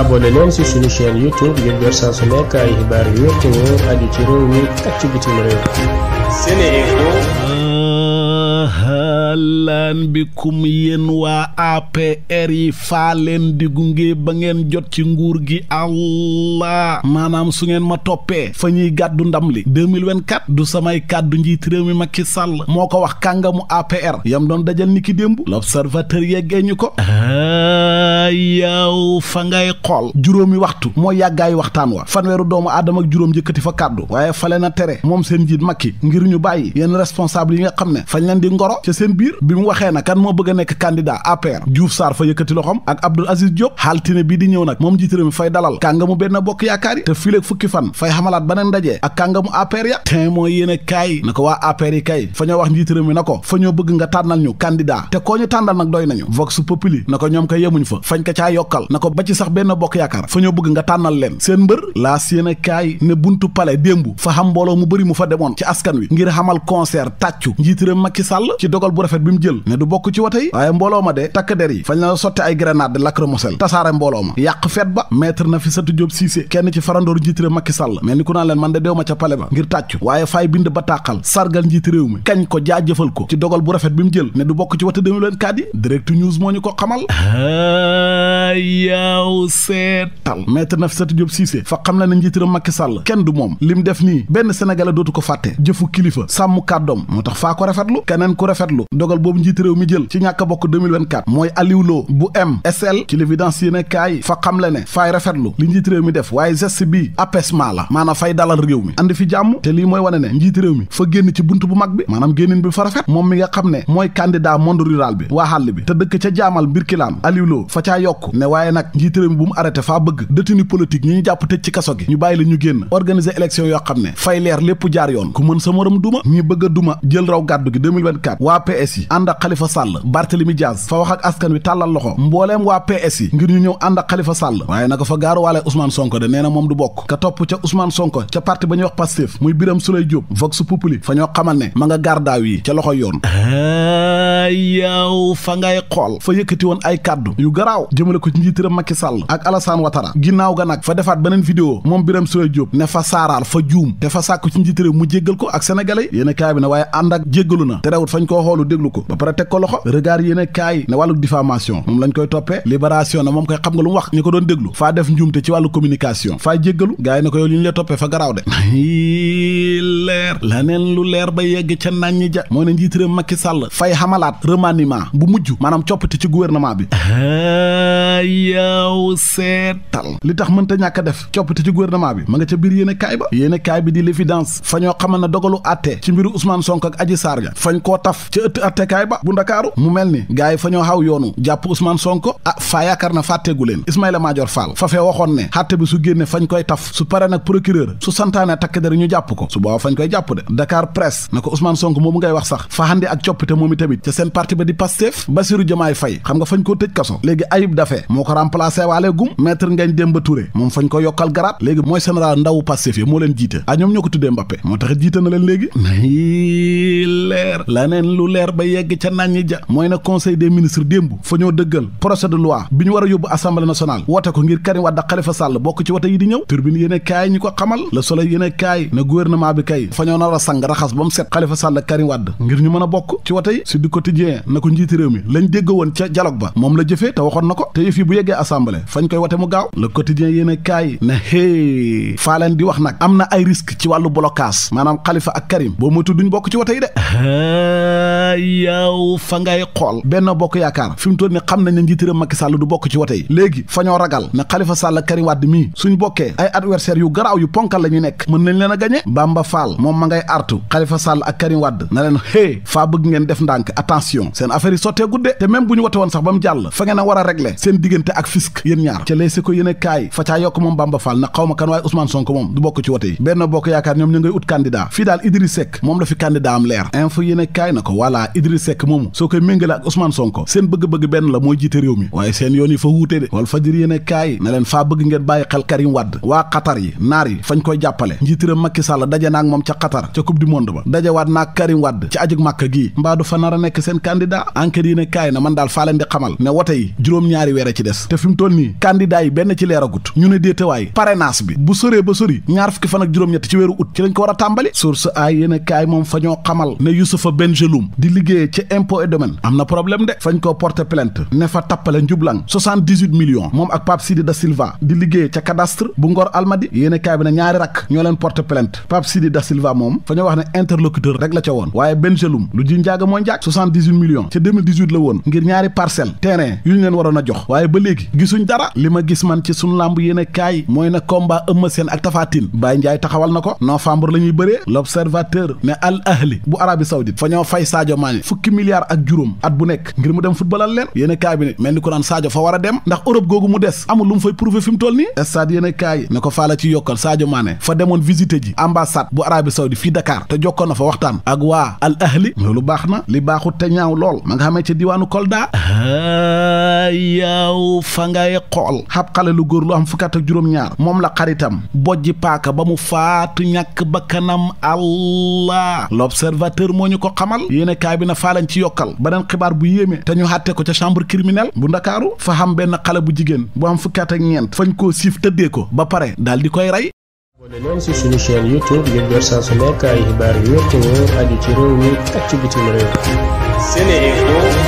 abonné leen ci suñu chaîne YouTube ngir jot saa su nekk ay ci réew mi ak ci waa APR yi faa leen di gunge ba ngeen jot ci nguur gi allah maanaam su ngeen ma toppee fa ñuy gàddu ndam li 2024 du samay kàddu njiit réew mi Macky Sall moo ko wax kàngamu APR yam doon dajal niki démb l'observateur yeggee ñu ko yow fa ngay xool juróomi waxtu mooy yàggaay waxtaan wa fanweeru doomu aadama ak juróom yëkkati fa kàddu waaye fale na tere moom seen njiit Macky ngir ñu bàyyi yenn responsable yi nga xam ne fañ leen di ngoro ca seen biir bi mu waxee na kan moo bëgg a nekk candidat APR Diouf Sarr fa yëkkati loxom ak Abdoul Aziz Diop xaaltine bii di ñëw nag moom njiit réew mi fay dalal mu benn bokk yaakaar yi te fileeg fukki fan fay xamalaat beneen ndaje ak kàngamu APR ya te mooy yéen a kaay ko waa APR yi fa wax njiit réew mi na ko fa ñoo bëgg nga tànnal ñu candidat te koo ñu nag doy nañu vox populi na ko ñoom fañ ko caa yokkal na ko ba ci sax benn bokk yaakaar fa ñoo bëgg nga tànnal leen seen mbër laas yéen a kaay ne buntu pale démbu fa xam mbooloo mu bëri mu fa demoon ci askan wi ngir xamal concert tàccu njiitiram Macky Sall ci dogal bu rafet bi mu jël ne du bokk ci wote yi waaye mbooloo ma de takk der yi fañ la sotti ay grenade de lacrymogène tasaare mbooloo ma yàq feet ba maître sa Diop Cissé kenn ci farandoor njiitiram Macky Sall mel ni ku naa leen man de dew ma ca pale ba ngir tàccu waaye fay bind ba réew mi kañ ko jaajëfal ko ci dogal bu rafet bi mu jël ne du bokk ci wote 2024 yi direct news moo ñu ko xamal ah. yaaw seetal maître Nafissatou Diop Cissé fa xam la ne njiitaram Macky Sall kenn du moom lim def nii benn sénégalais dootu ko fàtte jëfu kilifa sàmm kàddoom moo tax faa ko rafetlu keneen ku rafetlu dogal boobu njiit réew mi jël ci ñàkk a bokk 2024 mooy Aliou Lo bu MSL ci l'évidence yéen fa xam la ne faay rafetlu li njiit réew mi def waaye geste bi apaisement la maanaam fay dalal réew mi andi fi jàmm te lii mooy wane ne njiit réew mi fa génn ci bunt bu mag bi maanaam génnin bi fa rafet moom mi nga xam ne mooy candidat monde rural bi waa xàll bi te dëkk ca jaamal mbir kilaan caa yokk ne waaye nag njiit réew mi bu mu arrêté faa bëgg détenu politique ñi ñu jàpp tëj ci kaso gi ñu bàyyi ñu génn organiser élection yoo xam ne fay leer lépp jaar yoon ku mën sa duma ñi bëgg a duma jël raw gàddu gi 2024 waa PS yi ànd ak Khalifa Sall Barthélemy Diaz fa wax ak askan wi tàllal loxo mbooleem waa PS yi ngir ñu ñëw ànd ak Khalifa Sall waaye naka fa gaaruwaale Ousmane Sonko de nee na moom du bokk ka topp ca Ousmane Sonko ca parti ba ñuy wax Pastef muy Birame Souleye ma nga gaar daaw yi yoon ah. yow fa ngay xool fa yëkkati woon ay kàddu yu garaaw jëmale ko ci njiitëram Macky Sall ak Alassane Ouattara ginnaaw ga nag fa defaat beneen vidéo moom Birame Souleye Diop ne fa saaraal fa juum te fa sàkku ci njiitëram mu jéggal ko ak sénégalais yéen a kaay bi ne waaye ànd ak jéggalu na terewut fañ koo xoolu déglu ko ba pare teg ko loxo regard yéen a kaay ne wàllu diffamation moom lañ koy toppee libération na moom koy xam nga lu mu wax ñu ko doon déglu faa def njuumte ci wàllu communication faa jéggalu gars yi ne ko yow la toppee fa lu leer ba yegg ca nañ ñi ja moo ne njiitëram Macky Sall fay xamalaat remaniement bu mujj maanaam coppite ci gouvernement bi yow seetal li tax mënta ñàkk def coppite ci gouvernement bi ma nga ca biir yéen kaay ba yéen kaay bi di l'évidence fa ñoo dogalu àtte ci mbiru usmaan sonk ak Adji Sarr fañ koo taf ca ëtt àtte kaay ba bu ndakaaru mu mel ni gars yi fa ñoo yoonu jàpp Ousmane Sonko a ah, faa yaakaar na fàtteegu leen Ismaïla Madior Fall fa fee waxoon ne àtte bi su génne fañ koy taf su pare nag procureur su santaane takk der ñu jàpp ko su booba jàpp de Dakar Presse na ngay wax sax fa ak coppite moom i tamit Pastef Bassirou Diomaye Faye xam nga fañ koo tëj kaso léegi Ayib Daffé moo ko remplacé waale gum maître Ngagne Demba Touré moom fañ ko yokkal garaat léegi mooy général ndawu Pastef yi moo leen jiite ah ñoom ñoo ko tuddee Mbappé moo tax jiite na leen léegi leer la neen lu leer ba yegg ca naññi ja mooy na conseil des ministres démb fa ñoo dëggal projet de loi bi ñu war a yóbbu assemblée nationale wote ko ngir Karim Wade Khalifa Sall bokk ci wote yi di ñëw turbine yéen kaay ñi ko xamal le soleil yéen kaay na gouvernement bi kay fa ñoo nar a sang raxas ba mu set Khalifa Sall Karim Wade ngir ñu mën a bokk ci wote yi si du quotidien na ko njiiti mi lañ dégg woon ca dialogue ba moom la jëfee te waxoon na ko te bu yeggee assemblée fañ koy wote mu gaaw le quotidien yéen na hee faa leen wax nag am na ay risque ci wàllu blocage maanaam Khalifa ak Karim boo moytu duñ bokk ci wote yi de yow fa ngay xool Benno Bokk Yaakaar fi mu toll ni xam nañ ne njiitéram Macky Sall du bokk ci wote yi léegi fa ñoo ragal ne Khalifa Sall ak Karim Wade mii suñ bokkee ay adversaires yu garaaw yu ponkal la ñu nekk mën nañ leen a gañe Bamba Fall moom ma ngay artu Khalifa Sall ak Karim Wade na leen hé faa bëgg ngeen def ndànk attention seen affaire yi sottee gudde te même bu ñu wote woon sax ba mu jàll fa ngeen a war a régler seen diggante ak fisc yéen ñaar ca moom Bamba Fall na xaw kan waaye Ousmane Sonko moom du bokk yi Benno Bokk Yaakaar ñoom ñu ngay ut candidat fii daal Idriss Seck yéen a kaay na ko voilà Idriss Seck moomu soo koy méngale ak Ousmane Sonko seen bëgg-bëgg benn la mooy jiite réew mi waaye seen yoon yi fa wuute de Walf Fadjri yéen a kaay waa Qatar yi naar yi fañ koy jàppale njiitiram Macky Sall daje naag moom ca Qatar ca coupe du monde ba dajewaat naag Karim Wade ci ajug Màkka gii mbaa du fa nar a nekk seen candidat enquête yéen na man daal faa leen di xamal ne wote yi juróom-ñaari weer ci des te fi nii candidat yi benn ci leeragut Khalifa Bengeloum di liggéeyee ca impôt et domaine am na problème de fañ koo porter plainte ne fa tappale njublang 78 moom ak Pape Sidi da Silva di liggéeyee ca cadastre bu Ngor Almadi yéen kaay bi ne ñaari rakk ñoo leen porter plainte Pape Sidi da Silva moom fa ñu wax ne interlocuteur rek la ca woon waaye Bengeloum lu ji njaaga moo njaag 78 ca la woon ngir ñaari parcelle terrain yu ñu leen waroon a jox waaye ba léegi gisuñ dara li ma gis man ci sunu làmb yéen kaay na combat Eumeu Sène la ñuy bëree l'observateur ne Al United fa ñoo fay Sadio Mané fukki milliards ak juróom at bu nekk ngir mu dem footballal leen yéen a kaay bi ne mel ni ko naan Sadio fa war a dem ndax Europe googu mu des amul lu mu fay prouver fi mu toll nii stade yéen a kaay ne ko faa la ci yokkal Sadio Mané fa demoon visiter ji ambassade bu Arabie Saoudi fii Dakar te jokkoon na fa waxtaan ak waa Al Ahli loolu baax na li baaxut te ñaaw lool ma nga xamee ca diwaanu Kolda yaaw fa ngay xool xab xale lu góor lu am fukkat ak juróom-ñaar la xaritam bojji ko xamal yéene kaay bi na faa lañ ci yokkal beneen xibaar bu yéeme te ñu xàtte ko ca chambre criminelle bu ndakaaru fa xam benn xale bu jigéen bu am fukki at ak ñeent fañ koo siif tëddee ko ba pare daal di koy rey abonné leen ci suñu chaîne youtube ngir jot yu wér te wóor aju ci réew